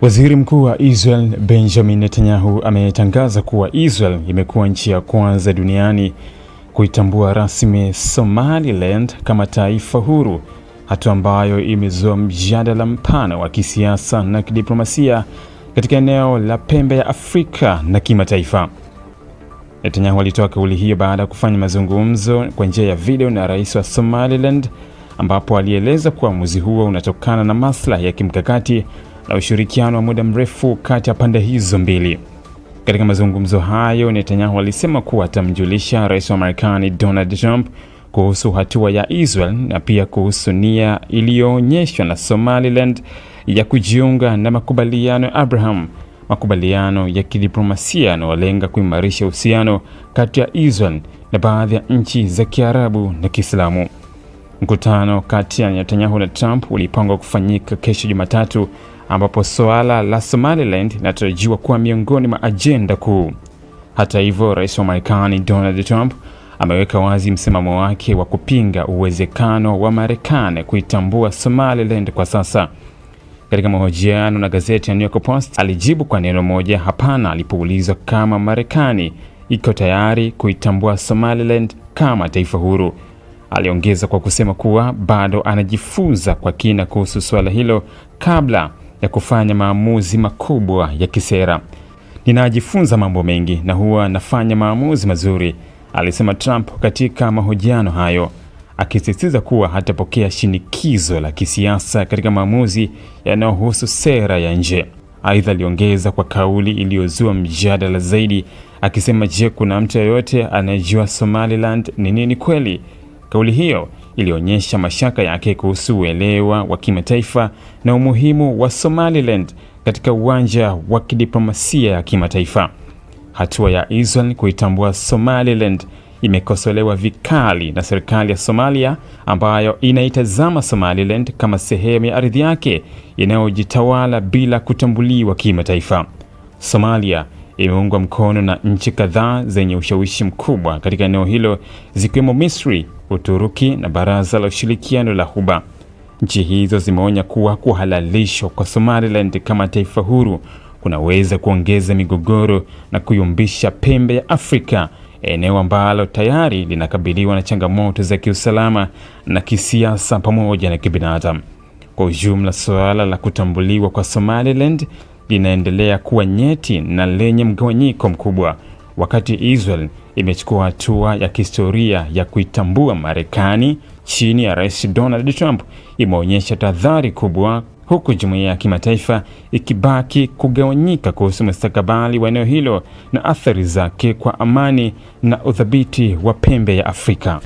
Waziri Mkuu wa Israel Benjamin Netanyahu ametangaza kuwa Israel imekuwa nchi ya kwanza duniani kuitambua rasmi Somaliland kama taifa huru, hatua ambayo imezua mjadala mpana wa kisiasa na kidiplomasia katika eneo la Pembe ya Afrika na kimataifa. Netanyahu alitoa kauli hiyo baada ya kufanya mazungumzo kwa njia ya video na rais wa Somaliland, ambapo alieleza kuwa uamuzi huo unatokana na maslahi ya kimkakati na ushirikiano wa muda mrefu kati ya pande hizo mbili. Katika mazungumzo hayo, Netanyahu alisema kuwa atamjulisha rais wa Marekani Donald Trump kuhusu hatua ya Israel na pia kuhusu nia iliyoonyeshwa na Somaliland ya kujiunga na makubaliano ya Abraham, makubaliano ya kidiplomasia yanayolenga kuimarisha uhusiano kati ya Israel na baadhi ya nchi za Kiarabu na Kiislamu. Mkutano kati ya Netanyahu na Trump ulipangwa kufanyika kesho Jumatatu ambapo suala la Somaliland linatarajiwa kuwa miongoni mwa ajenda kuu. Hata hivyo, rais wa Marekani Donald Trump ameweka wazi msimamo wake wa kupinga uwezekano wa Marekani kuitambua Somaliland kwa sasa. Katika mahojiano na gazeti ya New York Post, alijibu kwa neno moja hapana alipoulizwa kama Marekani iko tayari kuitambua Somaliland kama taifa huru. Aliongeza kwa kusema kuwa bado anajifunza kwa kina kuhusu suala hilo kabla ya kufanya maamuzi makubwa ya kisera. Ninajifunza mambo mengi na huwa nafanya maamuzi mazuri, alisema Trump katika mahojiano hayo, akisisitiza kuwa hatapokea shinikizo la kisiasa katika maamuzi yanayohusu sera ya nje. Aidha, aliongeza kwa kauli iliyozua mjadala zaidi akisema, je, kuna mtu yeyote anayejua Somaliland ni nini kweli? Kauli hiyo ilionyesha mashaka yake kuhusu uelewa wa kimataifa na umuhimu wa Somaliland katika uwanja wa kidiplomasia ya kimataifa. Hatua ya Israel kuitambua Somaliland imekosolewa vikali na serikali ya Somalia ambayo inaitazama Somaliland kama sehemu ya ardhi yake inayojitawala bila kutambuliwa kimataifa. Somalia imeungwa mkono na nchi kadhaa zenye ushawishi mkubwa katika eneo hilo zikiwemo Misri, Uturuki na Baraza la Ushirikiano la Ghuba. Nchi hizo zimeonya kuwa kuhalalishwa kwa Somaliland kama taifa huru kunaweza kuongeza migogoro na kuyumbisha pembe ya Afrika, eneo ambalo tayari linakabiliwa na changamoto za kiusalama na kisiasa pamoja na kibinadamu. Kwa ujumla, suala la kutambuliwa kwa Somaliland linaendelea kuwa nyeti na lenye mgawanyiko mkubwa, wakati Israel imechukua hatua ya kihistoria ya kuitambua Marekani chini ya Rais Donald Trump imeonyesha tahadhari kubwa, huku jumuiya ya kimataifa ikibaki kugawanyika kuhusu mustakabali wa eneo hilo na athari zake kwa amani na uthabiti wa pembe ya Afrika.